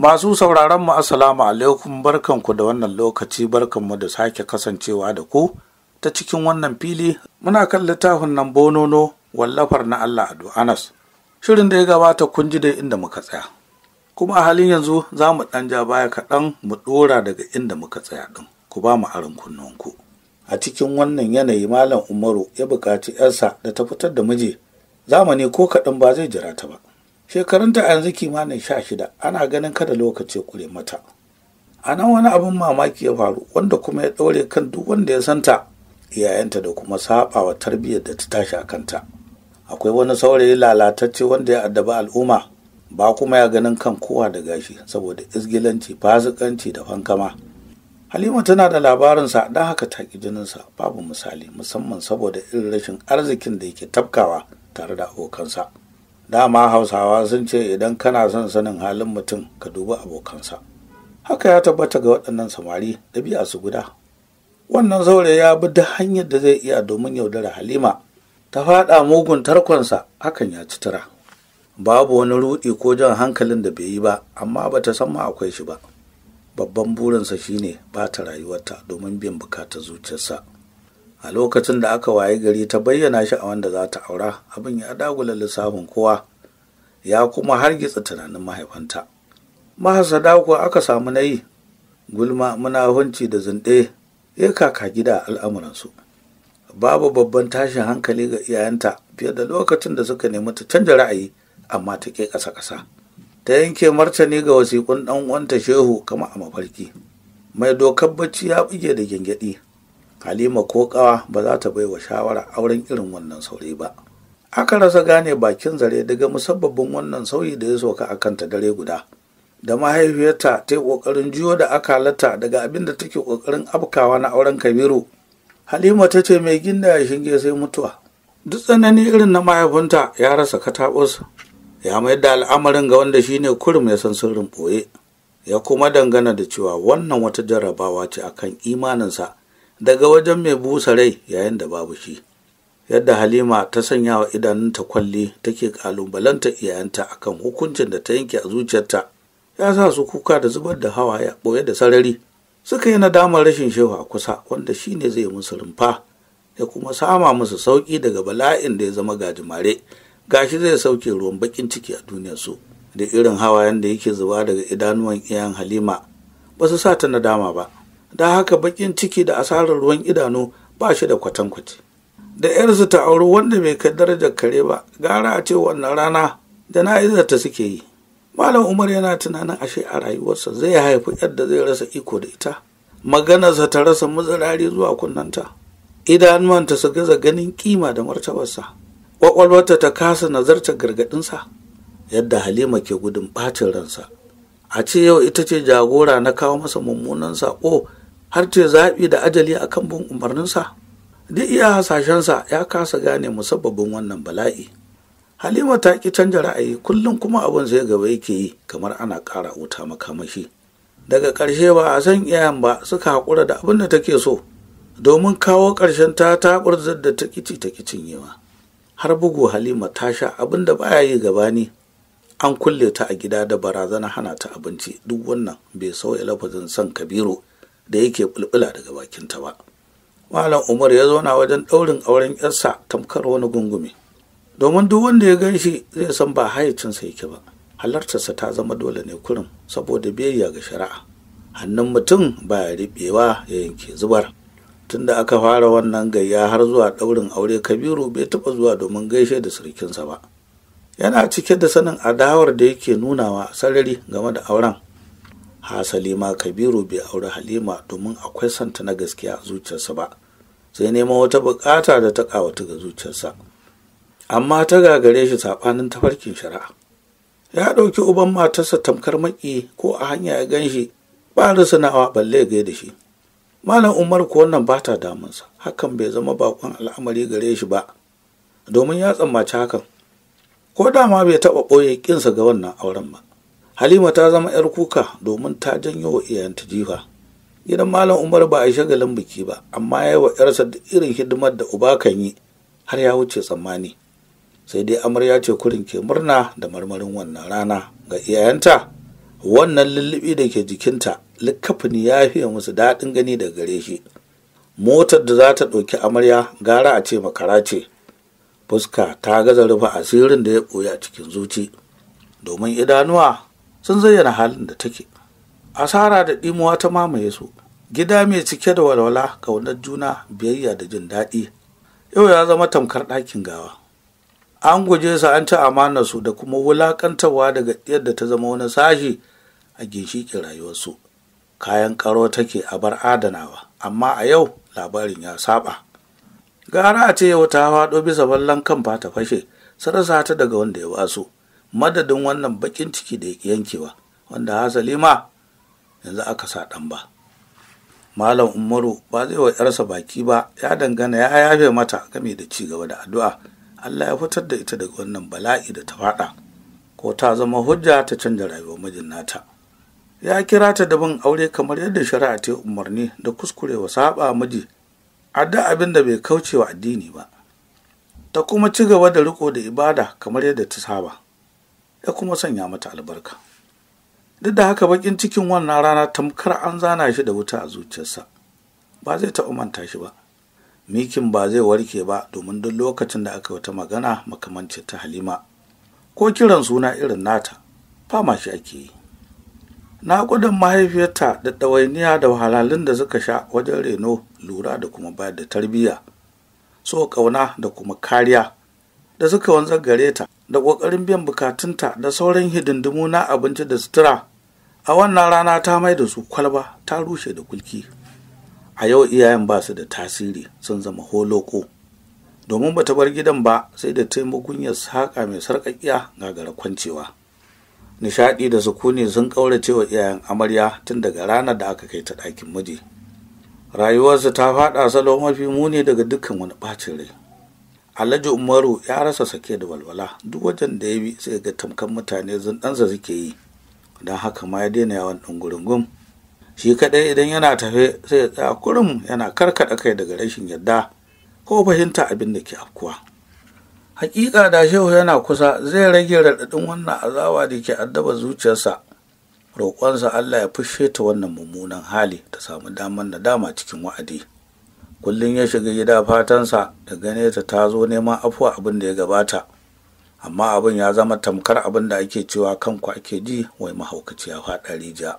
Masu sauraron mu assalamu alaikum barkanku da wannan lokaci barkanmu da sake kasancewa da ku ta cikin wannan fili muna kan littafin nan bonono wallafar na Allah Ado Anas. Shirin da ya gabata kun ji da inda muka tsaya. Kuma a halin yanzu za mu ɗan ja baya kaɗan mu ɗora daga inda muka tsaya ɗin ku ba mu arin ku A cikin wannan yanayi Malam Umaru ya buƙaci ‘yarsa da ta fitar da miji zamani ko kaɗan ba zai jira ta ba. shekarunta a yanzu kimanin sha shida ana ganin kada lokaci ya kure mata a nan wani abin mamaki ya faru wanda kuma ya ɗaure kan duk wanda ya santa iyayenta da kuma saɓawa tarbiyyar da ta tashi a kanta akwai wani saurayi lalatacce wanda ya addaba al'umma ba kuma ya ganin kan kowa da gashi saboda isgilanci fasikanci da fankama halima tana da labarinsa don haka taƙi jininsa babu misali musamman saboda irin rashin arzikin da yake tafkawa tare da abokansa dama hausawa sun ce idan kana son sanin halin mutum ka dubi abokansa haka ya tabbata ga waɗannan samari ɗabi'a su guda wannan saurayi ya bi duk hanyar da zai iya domin yaudara halima ta faɗa mugun tarkonsa hakan ya ci tura babu wani ruɗi ko jan hankalin da bai yi ba amma ba ta san ma akwai shi ba babban burinsa shine ba ta rayuwarta domin bin bukatar zuciyarsa a lokacin da aka waye gari ta bayyana shi a wanda za ta aura abin ya dagula lissafin kowa ya kuma har gitsa tunanin mahaifanta mahasada kuwa aka samu na yi gulma muna hunci da zinɗe ya kaka gida al'amuransu babu babban tashin hankali ga iyayenta fiye da lokacin da suka nemi ta canja ra'ayi amma ta ke ƙasa-ƙasa ta yanke martani ga wasiƙun ɗan uwanta shehu kama a mafarki mai dokar bacci ya buge da gyangyaɗi halima ko kawa ba za ta bai wa shawara auren irin wannan saurayi ba aka rasa gane bakin zare daga musabbabin wannan sauyi da ya soka a kanta dare guda da mahaifiyarta ta yi ƙoƙarin juyo da akalata daga abin da take ƙoƙarin afkawa na auren kabiru halima ta ce mai ginda ya shinge sai mutuwa duk tsanani irin na mahaifinta ya rasa kataɓus ya mai da al'amarin ga wanda shine kurum ya san sirrin ɓoye ya kuma dangana da cewa wannan wata jarrabawa ce akan imaninsa daga wajen mai busa rai yayin da babu shi yadda halima ta sanya wa idanunta kwalli take kalubalanta iyayenta akan hukuncin da ta yanke a zuciyarta ya sa su kuka da zubar da hawa ya ɓoye da sarari suka yi nadamar rashin shehu a kusa wanda shine zai musu rumfa ya kuma sama musu sauƙi daga bala'in da ya zama gajimare gashi zai sauke ruwan bakin ciki a duniyarsu da irin hawayen da yake zuba daga idanuwan iyayen halima ba su sa ta nadama ba Da haka bakin ciki da asarar ruwan idanu ba shi da kwatankwaci da yarsu ta auri wanda bai kai darajar kare ba gara a ce wannan rana Da jana'izar ta suke yi malam umar yana tunanin ashe a rayuwarsa zai haifi yar da zai rasa iko da ita maganarsa ta rasa mazarari zuwa kunnanta idanuwanta su gaza ganin kima da martabarsa kwakwalwarta ta kasa nazartar gargadinsa. yadda halima ke gudun ɓacin ransa a ce yau ita ce jagora na kawo masa mummunan saƙo har ce zaɓi da ajali a kan bin umarninsa duk iya hasashensa ya kasa gane musabbabin wannan bala'i halima ta ƙi canja ra'ayi kullum kuma abin zai gaba yake yi kamar ana ƙara wuta makamashi daga ƙarshe ba a san iyayen ba suka haƙura da abin da take so domin kawo ƙarshen ta taɓurzar da ta ƙici ta cinyewa har bugu halima ta sha abin da baya yi gaba gabani an kulle ta a gida da barazana hana ta abinci duk wannan bai sauya lafazin san kabiru da yake bulbula daga bakinta ba malam umar ya zauna wajen ɗaurin auren yarsa tamkar wani gungume domin duk wanda ya gan shi zai san ba hayacinsa yake ba halartarsa ta zama dole ne kurin saboda biyayya ga shari'a hannun mutum ba ya riɓewa ya yanke zubar tunda aka fara wannan gayya har zuwa ɗaurin aure kabiru bai taɓa zuwa domin gaishe da surikinsa ba yana cike da sanin adawar da yake nunawa sarari game da auren hasali ma kabiru bai auri halima domin akwai santa na gaskiya a zuciyarsa ba sai neman wata bukata da ta kawata ga zuciyarsa amma ta gagare shi saɓanin tafarkin shari'a ya ɗauki uban matarsa tamkar maki ko a hanya ya gan shi ba risanawa balle gai da shi malam umar ko wannan ba ta damunsa hakan bai zama baƙon al'amari gare shi ba domin ya tsammaci hakan ko dama bai taɓa ɓoye ƙinsa ga wannan auren ba halima ta zama 'yar kuka domin ta janyo wa iyayenta jifa gidan malam umar ba a yi shagalin biki ba amma ya yi wa 'yarsa da irin hidimar da uba kan yi har ya wuce tsammani sai dai amarya ce kurin ke murna da marmarin wannan rana ga iyayenta wannan lullubi da ke jikinta likkafini ya fiye musu daɗin gani da gare shi motar da za ta ɗauki amarya gara a ce makara ce fuska ta gaza rufe asirin da ya ɓoye a cikin zuci domin idanuwa sun zayyana halin da take asara da ɗimuwa ta mamaye su gida mai cike da walwala ƙaunar juna biyayya da jin daɗi yau ya zama tamkar ɗakin gawa an guje su an ci su, da kuma wulaƙantarwa daga yadda ta zama wani sashi a ginshiƙin rayuwarsu kayan ƙaro take a bar adanawa amma a yau labarin ya saba gara a ce yau ta faɗo bisa ballon kan fata fashe sarasa ta daga wanda ya su. madadin wannan bakin ciki da yankewa wanda hasali ma yanzu aka sa ɗan ba malam umaru ba zai wa yarsa baki ba ya dangana ya yafe mata game da ci gaba da addu'a allah ya fitar da ita daga wannan bala'i da ta faɗa ko ta zama hujja ta canza rayuwar mijin nata ya kira ta da bin aure kamar yadda shari'a ta umarni da kuskure wa saba miji adda abin da bai kaucewa addini ba ta kuma ci gaba da riko da ibada kamar yadda ta saba ya kuma sanya mata albarka duk da haka bakin cikin wannan rana tamkar an zana shi da wuta a zuciyarsa ba zai taɓa manta shi ba mikin ba zai warke ba domin duk lokacin da aka wata magana makamanci ta halima ko kiran suna irin nata fama shi ake yi Na naƙudan mahaifiyarta da ɗawainiya da wahalalun da suka sha wajen reno lura da kuma bayar da tarbiyya so ƙauna da kuma kariya da suka wanzar gare ta da ƙoƙarin biyan bukatunta da sauran hidindimu na abinci da sutura a wannan rana ta mai da su kwalba ta rushe da kulki a yau iyayen ba su da tasiri sun zama holoko domin ba ta bar gidan ba sai da taimakon ya saƙa mai sarƙaƙiya gagara kwancewa nishaɗi da sukuni sun ƙaurace wa iyayen amarya tun daga ranar da aka kai ta ɗakin miji rayuwarsu ta faɗa salo mafi muni daga dukkan wani ɓacin rai alhaji umaru ya rasa sake da walwala duk wajen da ya bi sai ga tamkan mutane ɗansa suke yi don haka ma ya daina yawan ɗungurungum shi kaɗai idan yana tafe sai ya tsaya kurum yana karkaɗa kai daga rashin yadda ko fahimta abin da ke afkuwa hakika da shehu yana kusa zai rage raɗaɗin wannan azawa da ke addaba zuciyarsa roƙonsa allah ya fushe ta wannan mummunan hali ta samu damar nadama cikin wa'adi kullum ya shiga gida fatansa da gane ta ta zo neman afuwa abin da ya gabata amma abin ya zama tamkar abin da ake cewa kanku ake ji wai mahaukaci ya faɗa rija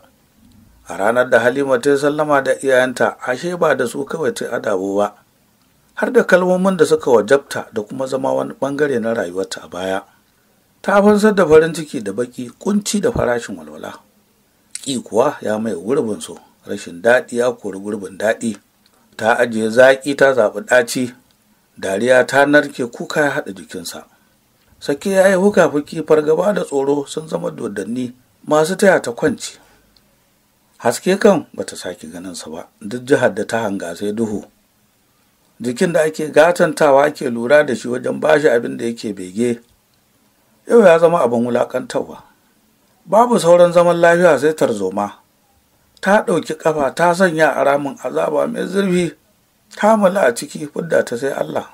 a ranar da halima ta sallama da iyayenta ashe ba da su kawai ta adabo ba har da kalmomin da suka wajabta da kuma zama wani bangare na rayuwarta a baya ta fansar da farin ciki da baki kunci da farashin walwala ƙi kuwa ya mai gurbin su, rashin daɗi ya kori gurbin daɗi ta ajiye zaƙi ta zaɓi ɗaci dariya ta narke kuka ya haɗa jikinsa sake ya yi fuki fargaba da tsoro sun zama dodanni masu taya ta kwanci haske kan bata sake ganinsa ba duk jihar da ta hanga sai duhu jikin da ake gatantawa ke lura da shi wajen ba shi abin da yake bege yau ya zama abin wulakantarwa babu sauran zaman lafiya sai tarzoma ta ɗauki ƙafa ta sanya a ramin azaba mai zurfi ta mula a ciki fudda ta sai Allah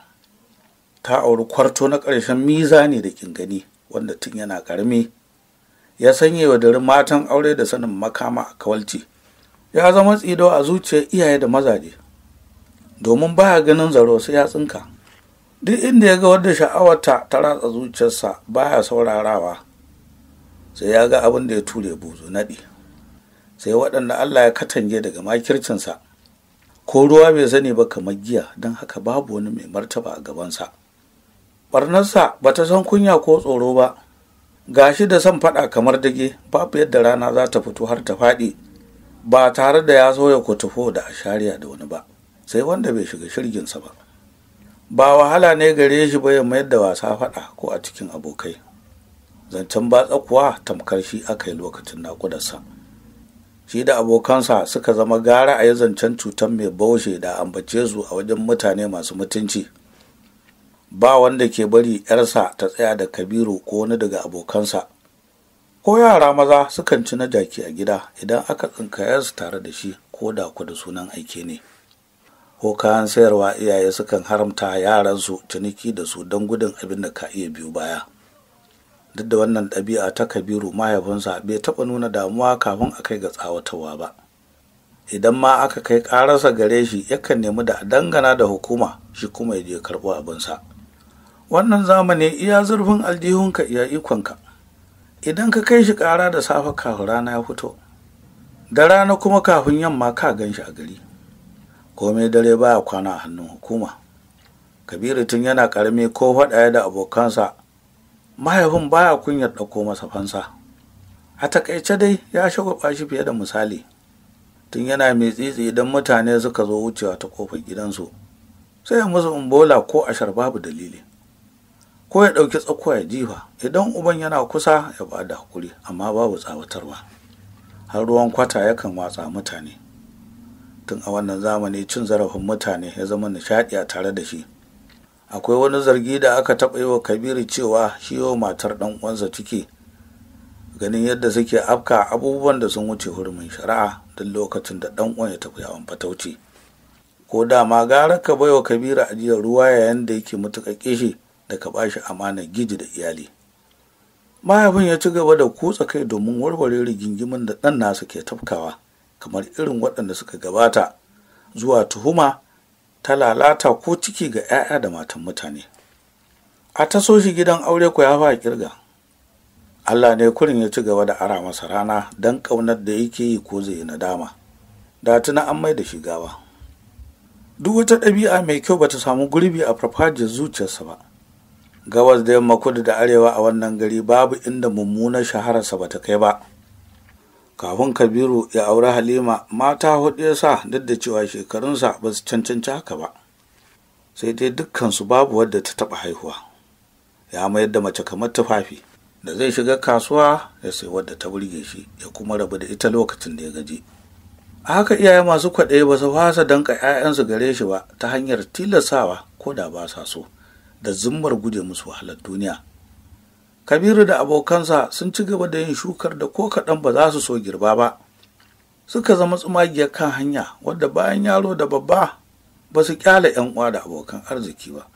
ta auri kwarto na ƙarshen miza ne da gani wanda tun yana ƙarami ya sanya wa dare matan aure da sanin makama a kawalci ya zama tsido a zuciyar iyaye da mazaje domin ba ya ganin zaro sai ya tsinka duk inda ya ga wadda sha'awarta ta ratsa zuciyarsa ba ya saurarawa sai ya ga abin da ya ture buzu naɗi sai waɗanda Allah ya katange daga makircinsa ko ruwa bai sani ba kamar giya don haka babu wani mai martaba a gabansa Ɓarnarsa ba ta san kunya ko tsoro ba Ga shi da son faɗa kamar dage babu yadda rana za ta fito har ta faɗi ba tare da ya zo ya kutufo da shariya da wani ba sai wanda bai shiga shirginsa ba ba wahala ne gare shi ba ya mayar da wasa faɗa ko a cikin abokai zancen batsa kuwa tamkar shi aka yi lokacin naƙudarsa shi da abokansa suka zama gara a zancen cutar mai baushe da ambace su a wajen mutane masu mutunci ba wanda ke bari yarsa ta tsaya da kabiru ko wani daga abokansa ko yara maza sukan ci na jaki a gida idan aka tsinkaya su tare da shi ko da ku da sunan aike ne ko kayan sayarwa iyaye sukan haramta yaransu ciniki da su don gudun abin da ka iya biyu baya duk da wannan ɗabi'a ta kabiru mahaifinsa bai taɓa nuna damuwa kafin a kai ga tsawatawa ba idan ma aka kai ƙararsa gare shi yakan nemi da a dangana da hukuma shi kuma ya je karɓo abinsa wannan zamani iya zurfin aljihunka iya ikonka idan ka kai shi ƙara da safe kafin rana ya fito da rana kuma kafin yamma ka gan shi a gari komai dare baya kwana a hannun hukuma kabiru tun yana ƙarami ko faɗa da abokansa mahaifin baya kunyar ɗauko masa fansa a takaice dai ya shagwaba shi fiye da misali tun yana mai tsitsi idan mutane suka zo wucewa ta kofar gidansu sai ya musu bola ko shar babu dalili ko ya ɗauki tsakuwa ya jifa idan uban yana kusa ya ba da hakuri amma babu tsawatarwa har ruwan kwata yakan watsa mutane tun a wannan zamani cin zarafin mutane ya zama nishaɗi a tare da shi akwai wani zargi da aka taɓa yi wa kabiru cewa shi yau matar ɗan uwansa ciki ganin yadda suke afka abubuwan da sun wuce hurumin shari'a duk lokacin da ɗan uwan ya tafi yawon fatauci ko da ma gara ka baiwa kabiru ajiyar ruwa yayin da yake mutuƙa kishi da ka bashi amana giji da iyali mahaifin ya ci gaba da kutsa kai domin warware rigingimin da ɗan nasu ke tafkawa kamar irin waɗanda suka gabata zuwa tuhuma ta lalata ko ciki ga 'ya'ya da matan mutane a taso shi gidan aure ku ya fa kirga Allah ne kurin ya ci gaba da ara masa rana don ƙaunar da yake yi ko zai nadama da tuna an mai da shi gawa duk wata ɗabi'a mai kyau bata samu gurbi a farfajiyar zuciyarsa ba gabas da yamma kudu da arewa a wannan gari babu inda mummunar shahararsa bata kai ba kafin kabiru ya auri halima mata hudu ya sa duk da cewa shekarunsa ba su cancanci haka ba sai dai dukkansu babu wadda ta taba haihuwa ya mayar da mace kamar tufafi da zai shiga kasuwa ya sai wadda ta burge shi ya kuma rabu da ita lokacin da ya gaji a haka iyaye masu kwaɗayi ba su fasa danka 'ya'yansu gare shi ba ta hanyar tilasawa ko da ba sa so da zummar guje musu wahalar duniya kabiru da abokansa sun ci gaba da yin shukar da ko kaɗan ba za su so girba ba suka zama tsumagiya kan hanya wadda bayan yaro da babba ba su kyale yan uwa da abokan arziki ba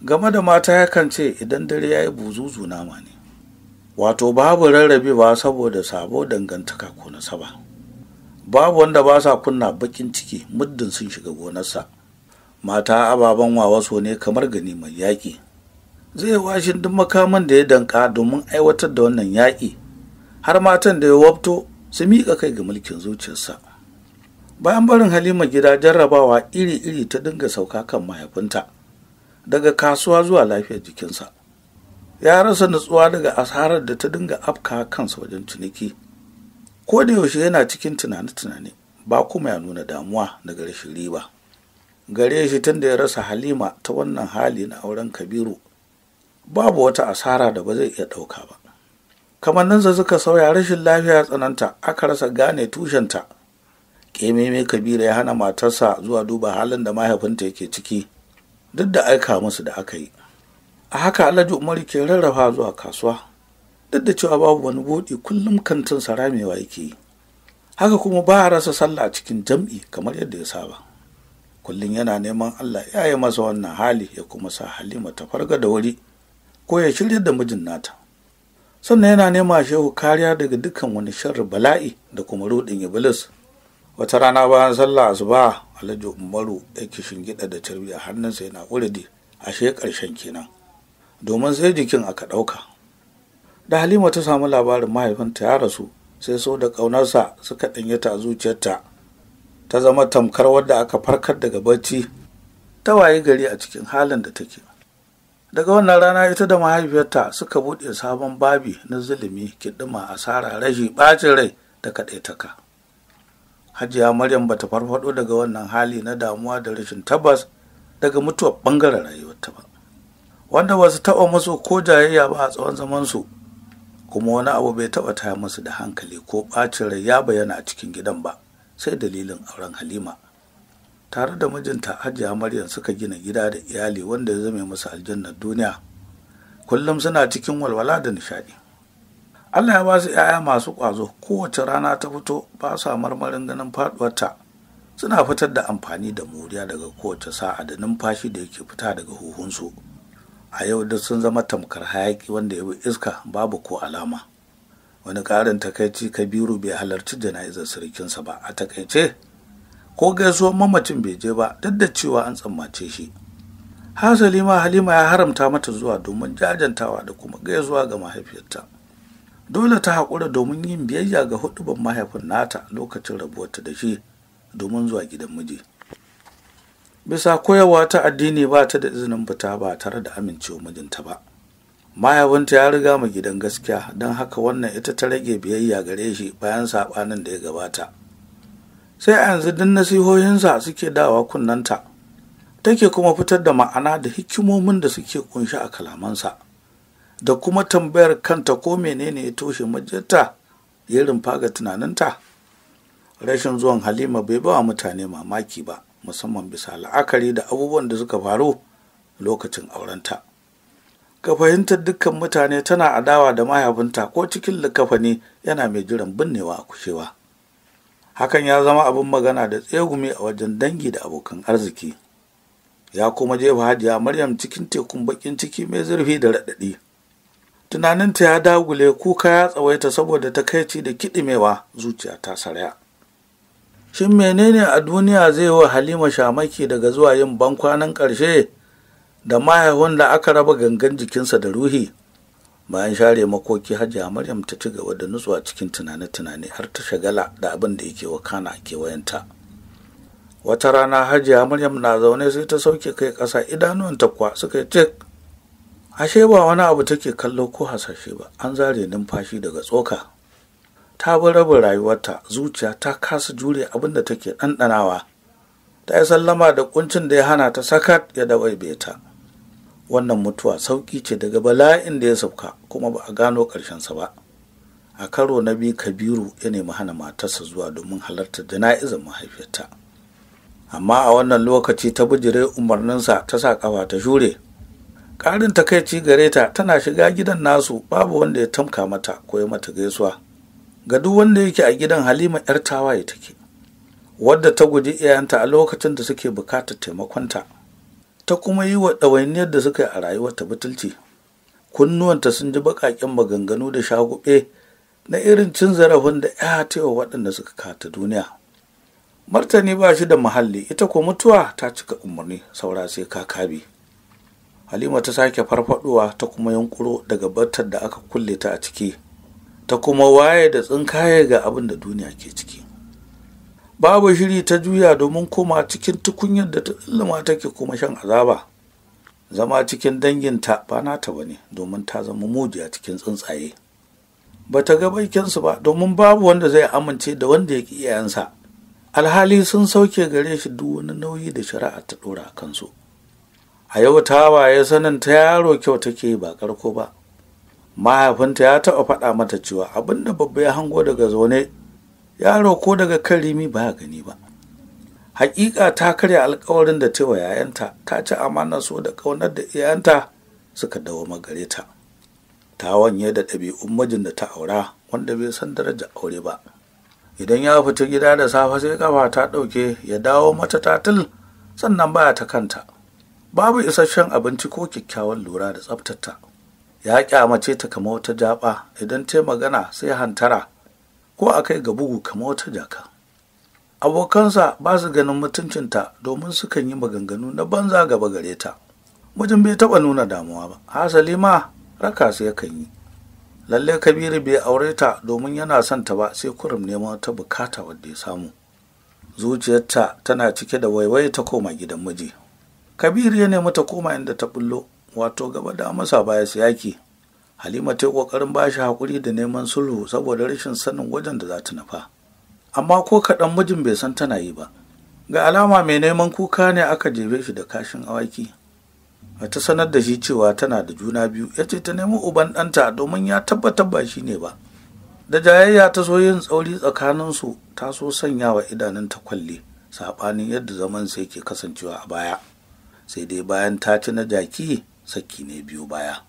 game da mata yakan ce idan dare ya yi buzuzu nama ne wato babu rarrabewa saboda sabo dangantaka ko nasaba babu wanda ba sa kunna bakin ciki muddin sun shiga gonarsa mata ababen wasu ne kamar gani mai yaƙi zai yi washe duk makaman da ya danka domin aiwatar da wannan yaƙi har matan da ya wabto su miƙa kai ga mulkin zuciyarsa bayan barin halima gida jarrabawa iri-iri ta dinga sauka kan mahaifinta daga kasuwa zuwa lafiyar jikinsa ya rasa nutsuwa daga asarar da ta dinga afka kansa wajen ciniki ko da yaushe yana cikin tunane tunani ba kuma ya nuna damuwa daga rashin riba gare shi tun da ya rasa halima ta wannan hali na auren kabiru babu wata asara da ba zai iya ɗauka ba kamanninsa suka sauya rashin lafiya tsananta aka rasa gane tushenta kememe kabira ya hana matarsa zuwa duba halin da mahaifinta yake ciki duk da aika musu da aka yi a haka alhaji umaru ke rarrafa zuwa kasuwa duk da cewa babu wani buɗi kullum kantin saramewa yake yi haka kuma ba a rasa sallah cikin jam'i kamar yadda ya saba kullum yana neman allah ya yi masa wannan hali ya kuma sa halima ta farga da wuri ko ya shirya da mijin nata sannan yana nema shehu kariya daga dukkan wani sharri bala'i da kuma rudin iblis wata rana bayan sallah asuba alhaji umaru yake shingida da carbi a hannunsa yana uridi ashe ƙarshen kenan domin sai jikin aka ɗauka da halima ta samu labarin mahaifinta ya rasu sai so da ƙaunarsa suka ɗanyata a zuciyarta ta zama tamkar wadda aka farkar daga bacci ta wayi gari a cikin halin da take daga wannan rana ita da mahaifiyarta suka buɗe sabon babi na zulumi kiɗima asara rashi ɓacin rai da kaɗaitaka hajiya maryam bata farfaɗo daga wannan hali na damuwa da rashin tabbas daga mutuwar ɓangaren rayuwarta ba wanda ba su taɓa masu ko jayayya ba a tsawon zamansu kuma wani abu bai taɓa taya musu da hankali ko ɓacin rai ya bayyana a cikin gidan ba sai dalilin auren halima tare da mijinta hajiya maryam suka gina gida da iyali wanda ya zame musu aljannar duniya kullum suna cikin walwala da nishaɗi allah ya ba su 'ya'ya masu ƙwazo kowace rana ta fito ba sa marmarin ganin faduwarta, suna fitar da amfani da moriya daga kowace sa'a da numfashi da yake fita daga huhunsu a yau duk sun zama tamkar hayaki wanda ya bi iska babu ko alama wani karin takaici kabiru bai halarci jana'izar sirikinsa ba a takaice ko gaisuwar mamacin bai je ba duk da cewa an tsammace shi har ma halima ya haramta mata zuwa domin jajantawa da kuma gaisuwa ga mahaifiyarta dole ta haƙura domin yin biyayya ga hudubar mahaifin nata lokacin rabuwarta da shi domin zuwa gidan miji bisa koyarwa ta addini ba ta da izinin fita ba tare da amincewa mijinta ba mahaifinta ya riga mu gidan gaskiya don haka wannan ita ta rage biyayya gare shi bayan saɓanin da ya gabata sai a yanzu duk nasihohinsa suke dawa kunnanta take kuma fitar da ma'ana da hikimomin da suke kunshi a kalamansa da kuma tambayar kanta ko menene ya toshe majiyarta ya rumfa ga tunaninta rashin zuwan halima bai bawa mutane mamaki ba musamman bisa la'akari da abubuwan da suka faru lokacin aurenta ka fahimtar dukkan mutane tana adawa da mahaifinta ko cikin likafani yana mai jiran binnewa a kushewa hakan ya zama abin magana da tsegume a wajen dangi da abokan arziki ya kuma jefa hajiya maryam cikin tekun bakin ciki mai zurfi da raɗaɗi tunaninta ya dagule kuka ya tsawaita saboda takaici da kiɗimewa zuciya ta saraya shin menene a duniya zai wa halima shamaki daga zuwa yin bankwanan ƙarshe da mahaihun da aka raba gangan jikinsa da ruhi bayan share makoki hajiya maryam ta ci gaba da nutsuwa cikin tunane-tunane har ta shagala da abin da yake wakana a kewayenta wata rana hajiya maryam na zaune sai ta sauke kai ƙasa idanuwanta kuwa suka yi cik. ashe ba wani abu take kallo ko hasashe ba an zare numfashi daga tsoka ta bi rabin rayuwarta zuciya ta kasa jure abin da take ɗanɗanawa ta yi sallama da kuncin da ya hana ta sakat ya dabaibe ta wannan mutuwa sauƙi ce daga bala'in da ya sauka kuma ba a gano ƙarshensa ba a karo na biyu kabiru ya nemi hana matarsa zuwa domin halartar jana'izar mahaifiyarta amma a wannan lokaci ta bijire umarninsa ta sa ƙafa ta shure ƙarin takaici gare ta tana shiga gidan nasu babu wanda ya tamka mata ko ya mata gaisuwa ga duk wanda yake a gidan halima yar tawaye take wadda ta guji iyayenta a lokacin da suke bukatar taimakonta ta kuma yi wa ɗawainiyar da suka yi a rayuwar ta butulci kunnuwanta sun ji baƙaƙen maganganu da shaguɓe na irin cin zarafin da ya wa waɗanda suka kata duniya martani ba shi da muhalli ita ko mutuwa ta cika umarni saura sai kakabi halima ta sake farfaɗowa ta kuma yankuro daga batar da aka kulle ta a ciki ta kuma waye da tsinkaye ga abin da duniya ke ciki babu shiri ta juya domin koma cikin tukunyar da ta tsillima take kuma shan azaba zama cikin danginta ba nata ba ne domin ta zama mujiya cikin tsuntsaye ba ta ga baikinsu ba domin babu wanda zai amince da wanda ya ƙi iyayensa alhali sun sauke gare shi duk wani nauyi da shari'a ta ɗora a kansu a yau ta waye sanin ta yaro kyau take ba karko ba mahaifinta ya taɓa faɗa mata cewa abinda babba ya hango daga zaune yaro ko daga kan rimi ba gani ba hakika ta karya alkawarin da ta wa yayanta ta ci amana so da kaunar da iyayenta suka dawo magareta. ta ta wanye da ɗabi'un mijin da ta aura wanda bai san daraja aure ba idan ya fita gida da safe sai kafa ta ɗauke ya dawo mata tatil sannan baya ta kanta babu isasshen abinci ko kyakkyawan lura da tsaftata. ya kyamace ta kama wata jaba idan ta magana sai hantara ko a kai ga bugu kamar wata jaka abokansa ba su ganin mutuncinta domin sukan yi maganganu na banza gaba gare ta mijin bai taɓa nuna damuwa ba hasali ma raka su yakan yi lalle kabiru bai aure ta domin yana son ta ba sai kurum neman ta bukata wadda ya samu zuciyarta tana cike da waiwai ta koma gidan miji kabiru ya nemi ta koma inda ta bullo wato gaba da masa baya su yaki halima ta yi ƙoƙarin ba shi haƙuri da neman sulhu saboda rashin sanin wajen da za ta nufa amma ko kaɗan mijin bai san tana yi ba ga alama mai neman kuka ne aka jebe shi da kashin awaki ta sanar da shi cewa tana da juna biyu ya ce ta nemi uban ɗanta domin ya tabbatar ba shi ne ba da jayayya ta so yin tsauri tsakaninsu ta so sanya wa idanun ta kwalle saɓanin yadda zaman sai ke kasancewa a baya sai dai bayan ta ci na jaki saki ne biyu baya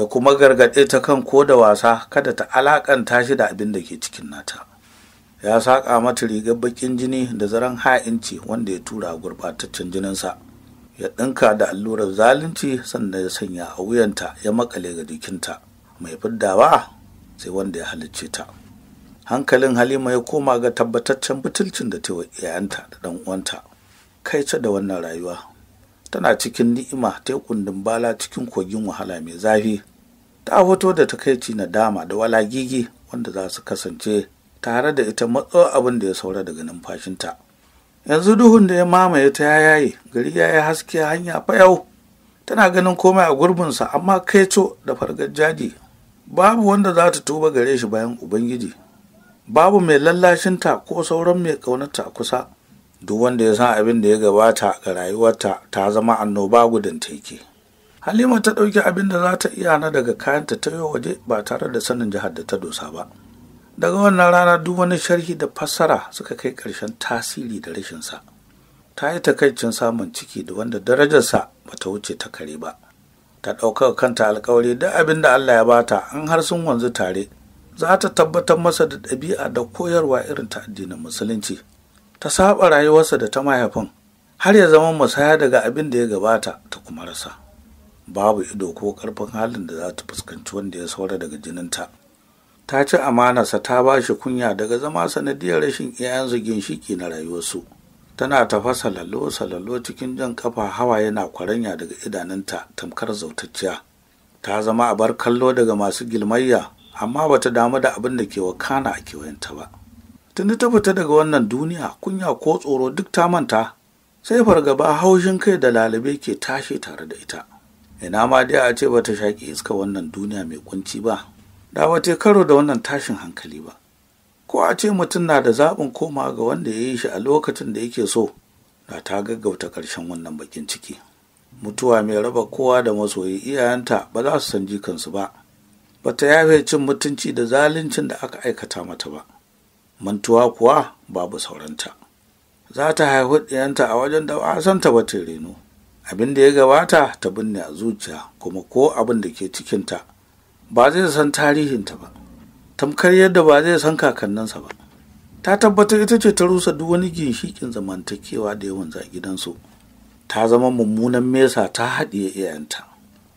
ya kuma gargaɗe ta kan ko da wasa kada ta alaƙanta shi da abin da ke cikin nata ya saƙa mata rigar baƙin jini da zaren ha'inci wanda ya tura gurɓataccen jininsa ya ɗinka da allurar zalunci sannan ya sanya a wuyanta ya makale ga jikinta mai fiddawa sai wanda ya halicce ta hankalin halima ya koma ga tabbataccen butulcin da ta wa 'ya'yanta da ɗan uwanta kai ta da wannan rayuwa tana cikin ni'ima ta kundin bala cikin kogin wahala mai zafi ta hoto da takaici na dama da walagigi wanda za su kasance tare da ita matso abin da ya saura daga numfashinta yanzu duhun da ya mamaye ta ya yaye gari ya yi haske hanya fayau tana ganin komai a gurbinsa amma kaico da fargajaji babu wanda za ta tuba gare shi bayan ubangiji babu mai lallashinta ko sauran mai ƙaunarta a kusa duk wanda ya san abin da ya gabata ga rayuwarta ta zama annoba gudun teke halima ta ɗauki abin da za ta iya na daga kayanta ta yi waje ba tare da sanin jihar da ta dosa ba daga wannan rana duk wani sharhi da fassara suka kai ƙarshen tasiri da rashinsa ta yi takaicin samun ciki da wanda darajarsa ba ta wuce ta kare ba ta ɗaukar kanta alkawari duk abin da allah ya bata an har sun wanzu tare za ta tabbatar masa da ɗabi'a da koyarwa irin ta addinin musulunci ta saba rayuwarsa da ta mahaifin har ya zama musaya daga abin da ya gabata ta kuma rasa babu ido ko karfin halin da za ta fuskanci wanda ya saura daga jininta ta ci amanarsa ta ba shi kunya daga zama sanadiyar rashin iyayensu ginshiki na rayuwarsu tana tafasa lallo salallo cikin jan kafa hawa yana kwaranya daga idanunta tamkar zautacciya ta zama a bar kallo daga masu gilmayya amma bata damu da abin da ke wakana a kewayenta ba tuni ta fita daga wannan duniya kunya ko tsoro duk ta manta sai fargaba haushin kai da lalube ke tashi tare da ita ina ma dai a ce ba ta shaƙi iska wannan duniya mai kunci ba da ba ta karo da wannan tashin hankali ba ko a ce mutum na da zaɓin koma ga wanda ya yi shi a lokacin da yake so na ta gaggauta ƙarshen wannan bakin ciki mutuwa mai raba kowa da masoyi iyayenta ba za su san jikansu ba ba ta yafe cin mutunci da zaluncin da aka aikata mata ba mantuwa kuwa babu sauranta za ta haihu ɗiyanta a wajen da ba a santa ba ta reno abin da ya gabata ta binne a zuciya kuma ko abin da ke cikinta ba zai san tarihinta ba tamkar yadda ba zai san kakanninsa ba ta tabbatar ita ce ta rusa duk wani ginshikin zamantakewa da yawan za gidansu ta zama mummunan mesa ta haɗiye iyayenta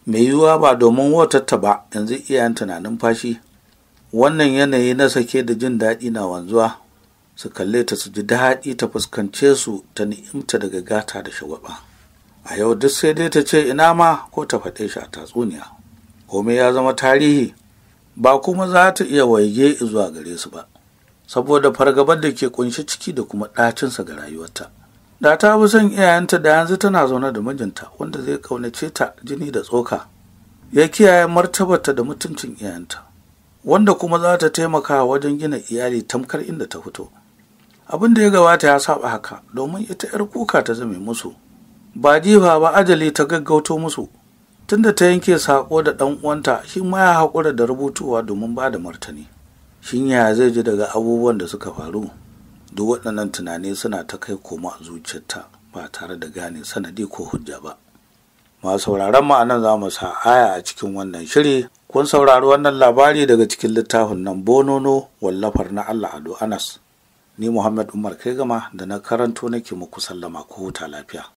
mai yiwuwa ba domin wata ba yanzu iyayenta na numfashi wannan yanayi na sake da jin daɗi na wanzuwa su kalle ta su ji daɗi ta fuskance su ta ni'imta daga gata da shagwaba a yau duk sai dai ta ce ina ma ko ta faɗe shi a tatsuniya komai ya zama tarihi ba kuma za ta iya waige zuwa gare su ba saboda fargabar da ke kunshi ciki da kuma ɗacinsa ga rayuwarta da ta fi son iyayenta da yanzu tana zaune da mijinta wanda zai ƙaunace ta jini da tsoka ya kiyaye martabarta da mutuncin iyayenta wanda kuma za ta taimaka wajen gina iyali tamkar inda ta fito abin da ya gabata ya saba haka domin ita 'yar kuka ta zame musu ba jifa ba ajali ta gaggauto musu tunda ta yanke saƙo da ɗan uwanta shi ma ya haƙura da rubutuwa domin ba da martani shin ya zai ji daga abubuwan da suka faru duk waɗannan tunani suna ta kai koma a zuciyarta ba tare da gane sanadi ko hujja ba masu sauraron mu anan za sa aya a cikin wannan shiri kun saurari wannan labari daga cikin littafin nan bonono wallafar na Allah Ado Anas ni Muhammad Umar Kai gama da na karanto nake muku sallama ko huta lafiya